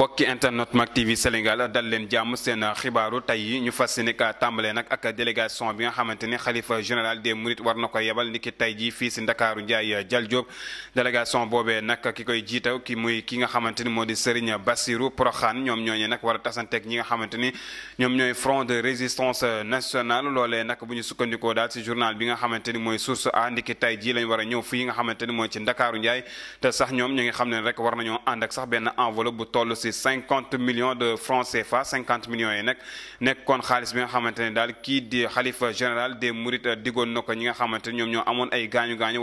mbokki internet Mak TV Sénégal dal leen jàmm seen xibaaru tey yi ñu fas yéene ka tàmbalee nag ak délégation bi nga xamante ni général des Mourides war na ko yebal niki tey jii fii si Ndakaaru Ndiaye Dial muy ki nga xamante ni moo di Serigne Bassirou Porokhane ñoom ñooñee nag war a tasanteeg ñi nga xamante ni ñoom ñooy front de résistance nationale loolee nag bu ñu sukkandikoo daal si journal bi nga xamante ni mooy source a ndiki tey jii lañ war a ñëw fii nga xamante mooy ci Ndakaaru Ndiaye te sax ñoom ñu ngi xam ne rek war nañoo ànd ak sax benn enveloppe bu toll ci cinquante millions de francs CFA cinquante millions yi nag nekkoon xaalis bi nga xamante ne daal kii di xalifa général des Mourides euh, diggoon na ko ñi nga xamante ne ñoom ñoo amoon ay gaañu gaañu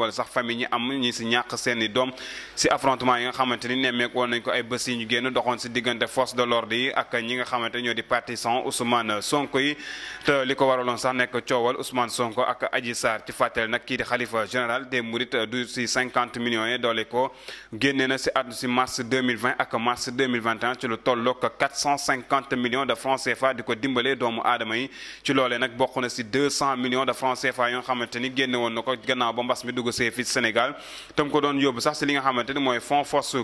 i doom si affrontement yi ko ay bés yi ñu génn doxoon si diggante force de ak ñi nga xamante ñoo di partisan kii di xalifa général des Mourides euh, du si cinquante millions yi doole ko génne na si at si mars deux mars deux 2021 ci lu tolloog 450 millions de francs CFA di ko dimbalee doomu aadama yi ci loolee nag bokk si 200 de francs CFA yoo nga xamante ni génne woon na ko gannaaw ba mbas mi dugg see fii Sénégal tam ko doon yóbbu sax si li nga xamante mooy fonds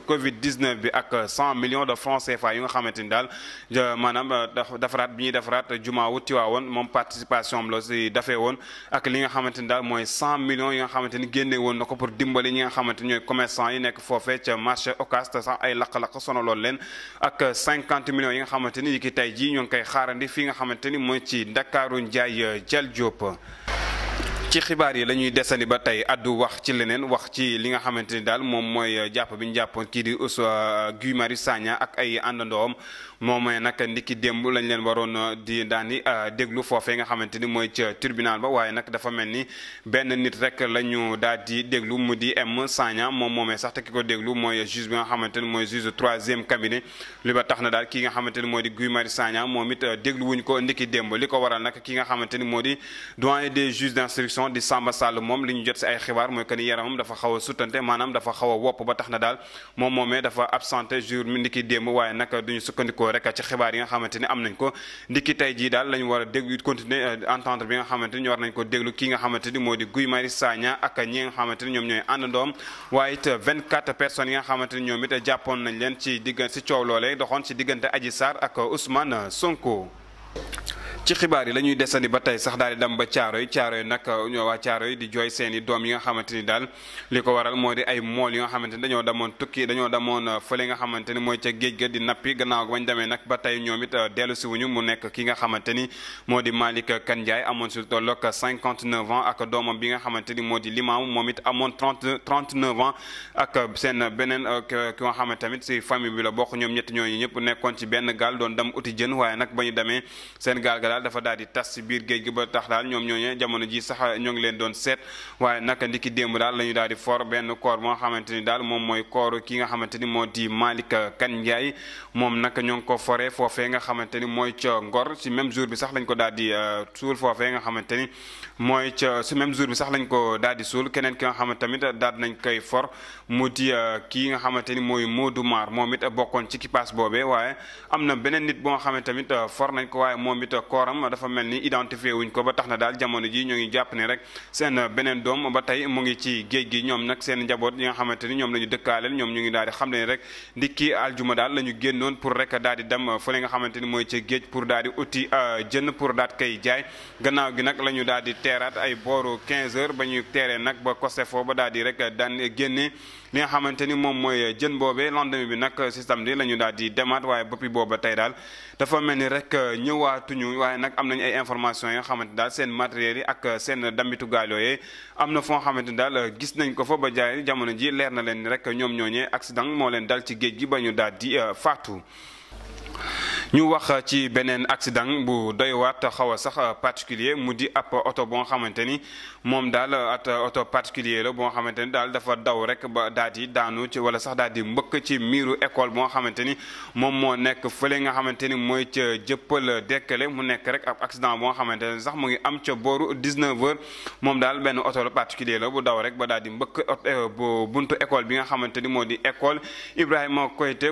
daal li nga xamante ni mooy 100 euh, yi nga xamante ni génne woon na ko pour dimbali ñi nga xamante ni ñooy commerçant yi nekk foofee ca marché Ocass sax ay lakk-lakk sonaloon leen ak cinquante millions yi nga xamante ni yi ki tey jii ñoo ngi koy xaarandi fi nga xamante ni mooy ci Ndakaaru Njaay Jal Diop ci xibaar yi la ñuy desandi ba tey addu wax ci leneen wax ci li nga xamante ni daal moom mooy jàpp bi ñu jàppoon kii di euh, Guy Marius Sagna ak ay àndandoom moom mooy nag ndiki démb lañ leen waroon di daan di euh, déglu foofee nga xamante ni mooy ca tribunal ba waaye nag dafa mel ni benn nit rek la ñu daal di déglu mu di M Sagna moom moomee sax te ki ko déglu mooy juge bi xamante ni mooy juge troisième cabinet li ba tax na daal ki nga xamante ni moo di Guy Marius Sagna moom it euh, déglu wuñ ko ndiki demb li ko waral nag ki nga xamante ni moo di doyen des juges opposition di Samba Sall moom li ñu jot si ay xibaar mooy que yaramam dafa xaw sutante maanaam dafa xaw wopp ba tax na daal moom moomee dafa absenté jour ndiki démb waaye nag duñu sukkandikoo rek ci xibaar yi nga xamante am nañ ko ndiki tey jii daal lañu war a continuer euh, entendre bi nga xamante ñu war nañ ko déglu ki nga xamante ni di Guy Marius Sagna ak ñi nga xamante ñoom ñooy àndandoom waaye it 24 personnes yi nga xamante ñoom ci xibaar yi la ñuy desandi ba tey sax daal di dem ba caaro yi caaro yi nag ñoo waa caaro yi di jooy seen i doom yi nga xamante ni daal li ko waral moo di ay mool yi nga xamante ni dañoo demoon tukki dañoo demoon euh, fële nga xamante ni mooy ca géej ga di nappi gannaaw bañ demee nag ba tey ñoom it euh, dellu si wuñu mu nekk ki nga xamante ni moo di Malick Kandiaye amoon si tolloog 59 ans ak doomam bi nga xamante ni moo di limaam moom it amoon 30 39 ans ak seen beneen euh, ki nga xamante tamit si famille bi la bokk ñoom ñetti ñooñu ñëpp nekkoon ci benn gaal doon dem uti jën waaye nag ba ñu demee seen gaal ga daal dafa daal di tas ci biir géej gi ba tax daal ñoom ñooñu jamono ji sax ñoo ngi leen doon seet waaye naka ndiki démb daal la ñu daal di for benn koor moo xamante ni daal moom mooy kooru moom naka ñoo ngi ko foree foofee nga xamante ni mooy ca Ngor ci même jour bi sax lañ ko daal di euh, suul foofee nga xamante ni mooy ca même jour bi sax lañ ko daal di suul keneen ki nga xamante tamit daal nañ koy for moo di euh, kii nga xamante ni mooy Modou Mar moom it bokkoon ci kipaas boobee waaye am na beneen nit boo xamante tamit euh, nañ ko waaye waaye moom it kooram dafa mel ni identifié wuñ ko ba tax na daal jamono ji ñoo ngi jàpp ne rek seen beneen doom ba tey mu ngi ci géej gi ñoom nag seen njaboot yi nga xamante ñoom la ñu dëkkaaleel ñoom ñu ngi daal di xam ne rek ndikki aljuma daal la ñu génnoon pour rek daal di dem fële nga xamante ni mooy ci géej pour daal di uti euh, jën pour daat kay jaay gannaaw gi nag la ñu daal di teeraat ay booru 15 heures ba ñu teeree nag ba kosefo ba daal di rek daan li nga xamante ni moom mooy jën boobee lendemain bi nag si samedi la ñu daal di demaat waaye boppi booba tey daal dafa mel ni rek ñëwaatuñu waaye nag am nañu ay information yoo xamante daal seen matériel yi ak seen dambitu gaalo yooyee am na foo xamante ni daal gis nañ ko fa ba jaay jamono ji leer na leen rek ñoom ñooñee accident moo leen dal ci géej gi ba ñu daal di euh, faatu ñu wax ci beneen accident bu doy waat xaw a sax particulier mu di ab oto boo xamante ni moom daal at oto particulier la boo xamante ni daal dafa daw rek ba daal di daanu ci wala sax daal di mbëkk ci miiru école boo xamante ni moom moo nekk fële nga xamante ni mooy ca jëppal dekkale mu nekk rek ab accident boo xamante ni sax mu ngi am ca booru 19h moom daal benn oto la particulier la bu daw rek ba daal di mbëkk eh, bu buntu école bi nga xamante ni moo di école Ibrahima Koyte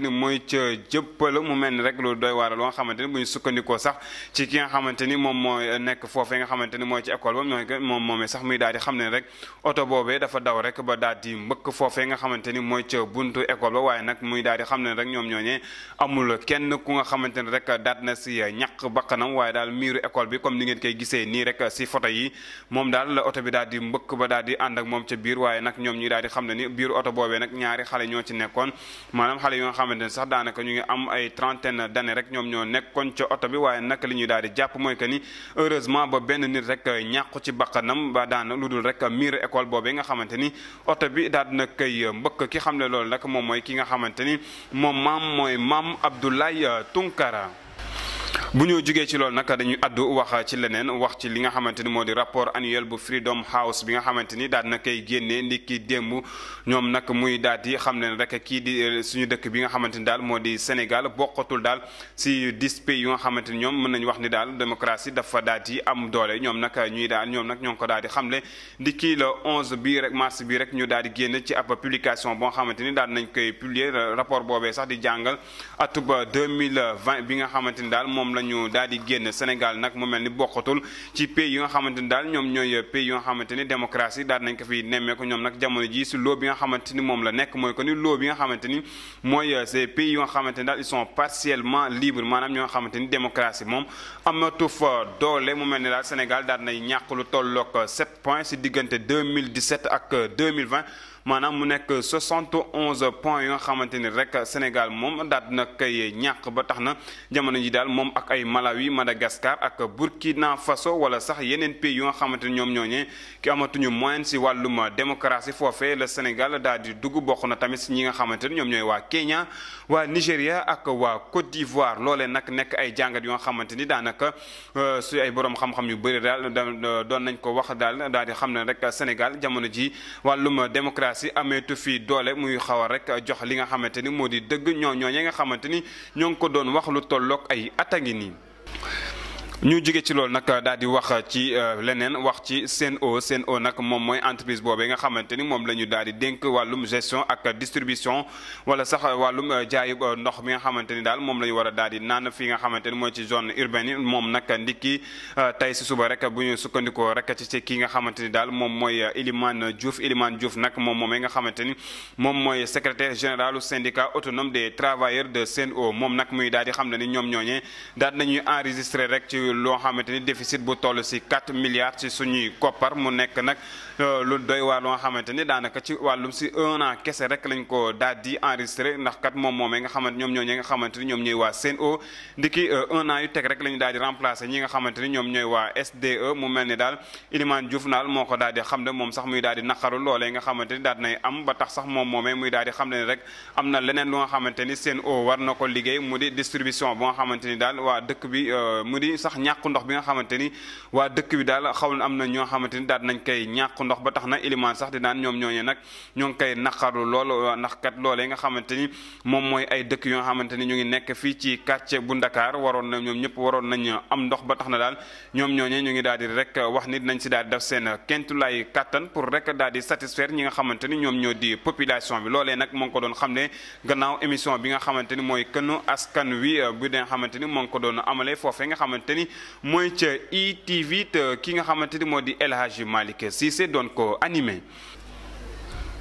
ni mooy ca jëpp pël mu mel ni rek lu doy waaral nga xamante ni ñu sukkandikoo sax ci ki nga xamante moom mooy nekk foofee nga xamante ni mooy ci école ba ñooy moom moomee sax muy daal di xam ne rek oto boobee dafa daw nga xamante ni mooy ca buntu école ba waaye nag muy daal di xam ne rek ñoom ñooñee amul kenn ku nga xamante ni rek daat na si ñàq bakkanam waaye daal miiru école bi comme ni ngeen koy gisee nii rek si photo yi moom daal la bi daal di mbëkk ba daal di ànd moom ca biir waaye nag ñoom ñuy daal di xam na ni biir oto boobee nag ñaari xale ñoo ci nekkoon maanaam xale yoo nga xamante sax daanaka ñu ngi am ay trentaine d'années rek ñoom ñoo nekkoon ca oto bi waaye nag li ñuy daal di jàpp mooy que ni heureusement ba benn nit rek ñàqu ci bakkanam ba daana lu dul rek miir école boobee nga xamante ni oto bi daal na koy mbëkk ki xam ne loolu nag moom mooy ki nga xamante ni moom maam mooy maam Abdoulaye Tunkara bu ñu jugee ci lool nag dañuy addu wax ci leneen wax ci li nga xamante ni moo di rapport annuel bu Freedom House bi nga xamante ni daal na koy génnee ni ki démb ñoom nag muy daal di xam leen rek kii di euh, suñu dëkk bi nga xamante ni daal moo di Sénégal bokkatul daal si dix pays yu nga xamante ni ñoom mën nañu wax ni daal démocratie dafa daal di am doole ñoom nag ñuy daal ñoom nag ñoo ko daal di xamle di kii le onze bii rek mars bii rek ñu daal di génn ci ab publication boo xamante ni daal nañ koy publier rapport boobee sax di jàngal atub 2020 bi nga xamante ni daal moom lañ ñu daal di génn Sénégal nag mu mel ni bokkatul ci pays yi nga xamante ni daal ñoom ñooy pays yi nga xamante ni démocratie daal nañ ko fi nemmeeku ñoom nag jamono ji si loo bi nga xamante ni moom la nekk mooy ko ni loo bi nga xamante ni mooy euh, ces pays yi nga xamante ni daal ils sont partiellement libres maanaam ñoo nga xamante ni démocratie moom amatu fa doole mu mel ni daal Sénégal daal nay ñàkk lu tolloog 7 points si diggante mille 2017 ak 2020 maanaam mu nekk 71 points yi nga xamante ni rek Sénégal moom daal dina koy ñàkk ba tax na jamono ji daal moom ak ay Malawi Madagascar ak Burkina Faso wala sax yeneen pays yu nga xamante ni ñoom ñooñee ki amatuñu moyen si wàllum démocratie foofee la Sénégal daal di dugg bokk na tamit si ñi nga xamante ni ñoom ñooy waa Kenya waa Nigéria ak waa Côte d'Ivoire loolee nag nekk ay jàngat yu nga xamante ni daanaka euh, si ay borom xam-xam yu bëri daal doon nañ ko wax daal daal di xam ne rek Sénégal jamono ji wàllum bànqaas yi ameetu fi doole muy xaw a rek jox li nga xamante ni moo di dëgg ñoo ñooñee nga xamante ni ñoo ngi ko doon wax lu tollook ay at a ngi nii ñu jóge ci loolu nag daal di wax ci euh, leneen wax ci Sen'Eau Sen'Eau nag moom mooy entreprise boobee nga xamante ni moom la ñu daal di dénk wàllum gestion ak distribution wala sax wàllum euh, jaayub euh, ndox mi nga xamante ni daal moom la ñu war a daal di naan fii nga xamante ni mooy ci zone urbaine yi moom nag ndikki tey si suba rek bu ñu sukkandikoo rek ci ci kii nga xamante ni daal moom mooy Elimane Diouf Elimane Diouf nag moom moomee nga xamante ni moom mooy secrétaire général syndicat autonome des travailleurs de Sen'Eau moom nag muy daal di xam na ni ñoom ñooñee daal nañuy enregistré rek loo xamante ni déficit bu toll si 4 milliards ci suñuy koppar mu nekk nag euh, lu doy waar loo xamante ni daanaka ci wàllum si un kese rek lañ ko daal di ndax kat moom moomee nga xamante ñoom ñooy waa SDE euh, e mu mel ni daal Ilimane Diouf naal moo ko daal xam ne moom sax muy daal naqaru loolee nga xamante ni nay am ba tax sax moom moomee muy daal xam ne rek am na leneen lu nga xamante CNO war na ko liggéey mu di distribution bu nga ndax ñàkku ndox bi nga xamante ni waa dëkk bi daal xaw na am na ñoo xamante ni daal nañ koy ñàkku ndox ba tax na ilimaan sax di naan ñoom ñooñee nag ñoo ngi koy naqaru lool ndax kat loolee nga xamante ni moom mooy ay dëkk yoo xamante ni ñu ngi nekk fii ci quartier bu Ndakaar waroon na ñoom ñëpp waroon nañ am ndox ba tax na daal ñoom ñooñee ñu ngi daal di rek wax nit nañ si daal di def seen kentulaay kàttan pour rek daal di satisfaire ñi nga xamante ni ñoom ñoo di population bi loole nak moo ngi ko doon xam ne gannaaw émission bi nga xamante ni mooy kënu askan wi bu bi nga xamante ni moo ngi ko doon amalee foofee nga xamante mooy ca ITV te ki nga xamante ni moo di El Hadji Malick Cissé doon ko animé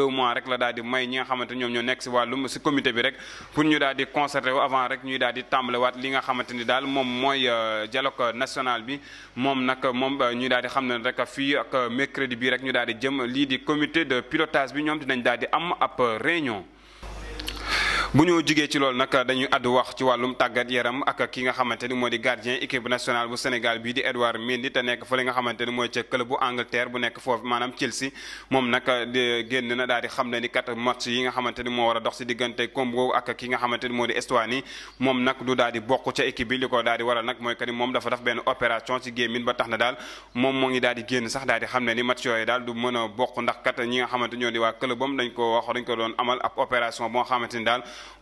deux mois rek la daal di may ñi nga xamante ñoom ñoo nekk si wàllum si comité bi rek pour ñu daal di concerté wu avant rek ñuy daal di tàmbalewaat li nga xamante ni daal moom mooy euh, dialogue national bi moom nag moom euh, ñu daal di xam ne rek fii ak euh, mercredi bi rek ñu daal di jëm lii di comité de pilotage bi ñoom dinañ daal di am ab réunion bu ñu jugee ci loolu nag dañuy àddu wax ci wàllum tàggat yaram ak ki nga xamante ni moo di gardien équipe nationale bu Sénégal bii di Edouard Mendy te nekk fële nga xamante ni mooy ca club bu Angleterre nekk foofu maanaam Chelsea moom nag génn na daal di ne ni kat match yi nga xamante ni moo war a dox si diggante Congo ak ki nga xamante ni moo di Estonie moom nag du daal di bokk ca équipe bi li ko daal di waral nag mooy que moom dafa def benn opération ci gémmiñ ba tax na daal moom moo ngi daal di génn sax daal xam ne ni match yooyu daal du mën a bokk ndax kat ñi nga xamante ñoo di waa clubam dañ ko wax dañ ko doon amal ab opération boo xamante ni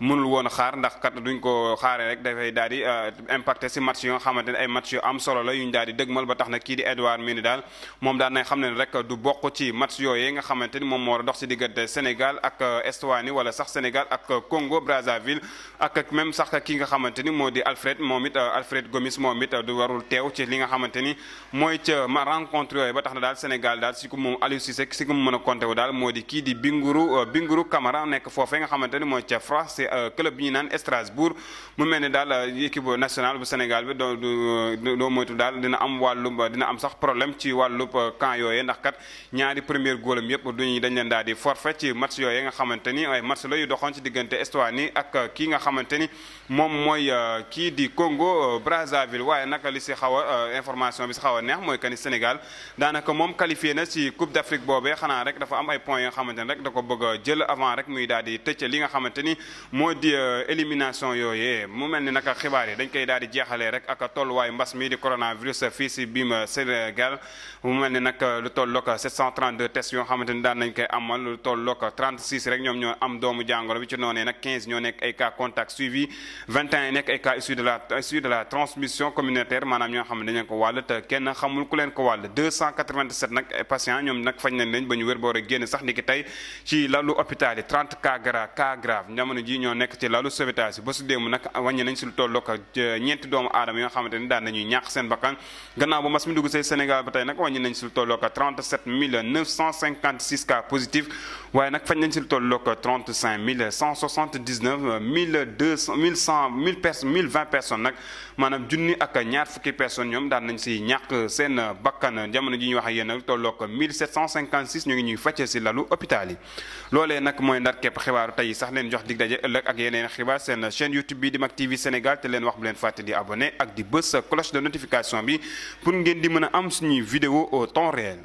mënul woon a xaar ndax kat duñ ko xaare rek dafay daal di euh, impacté si match yo nga xamante ne ay match yu am solo la yuñ daal di dëgmal ba tax na kii di Edouard Mendy daal moom daa nañ xam ne rek du bokk ci match yooyu nga xamante ni moom moo war a dox si Sénégal ak euh, Estonie wala sax Sénégal ak euh, Congo Brazzaville ak même sax ki nga xamante ni moo di Alfred moom it Alfred Gomis moom it du warul teew ci li nga xamante ni mooy ca ma rencontre yooyu ba tax na daal Sénégal daal si ku moom Aliou Cissé si ku mu mën a daal moo di kii di bi Binguru Camara nekk foofee nga xamante ni mooy ca France baax c'est euh, club bi ñu naan Strasbourg mu mel ne daal euh, équipe nationale bu Sénégal bi doo moytu daal dina am wàllub euh, dina am sax problème ci wàllub camp yooyee ndax kat ñaari premier góolam yëpp duñu dañ leen daal di forfait ci match yooyee nga xamante ni ay match la yu doxoon ci diggante Estonie ak kii nga xamante ni moom mooy kii di Congo Brazzaville waaye nag li si xaw a information bi si xaw a neex mooy que ni Sénégal daanaka moom qualifié na ci Coupe d'Afrique boobee xanaa rek am ay points yoo xamante ni rek li nga xamante ni moo di euh, élimination yooyee mu mel ni naka xibaar yi dañ koy daal di jeexalee rek ak tolluwaay mbas mii di coronavirus fii si biim euh, Sénégal mu mel ni nag euh, lu tolloog 732 tests yoo xamante ni daan nañ koy amal lu tolloog 36 rek ñoom ñoo am doomu jàngoro bi ci noonee nag 15 ñoo nekk ay cas contact suivi nekk ay cas issus de la issus de la transmission communautaire maanaam ñoo xam ne dañu ko wàll te kenn xamul ku leen ko wàll 287 nag patients ñoom nag fañ nañ leen ba ñu wér boor a ni ki ji ñoo nekk ci lalu sauvetage ba su démb nag wàññi nañ si lu toll euh, ñeenti doomu aadama yi nga ni daan nañuy ñàkk seen bakkan gannaaw ba mas mi dugg see Sénégal ba tey nag wàññi nañ si lu toll ak 37 956 cas positifs waaye nag fañ nañ si lu toll ak 35 179 1200 1100 1000 personnes 1020 personnes nag maanaam junni ak ñaar fukki personnes ñoom daan nañ si ñàkk seen bakkan jamono ji ëllëg ak yeneen xibaar seen chaîne YouTube bi di Mak TV Sénégal te leen wax bu leen fàtte di abonné ak di bës cloche de notification bi pour ngeen di mën a am suñuy vidéo au temps réel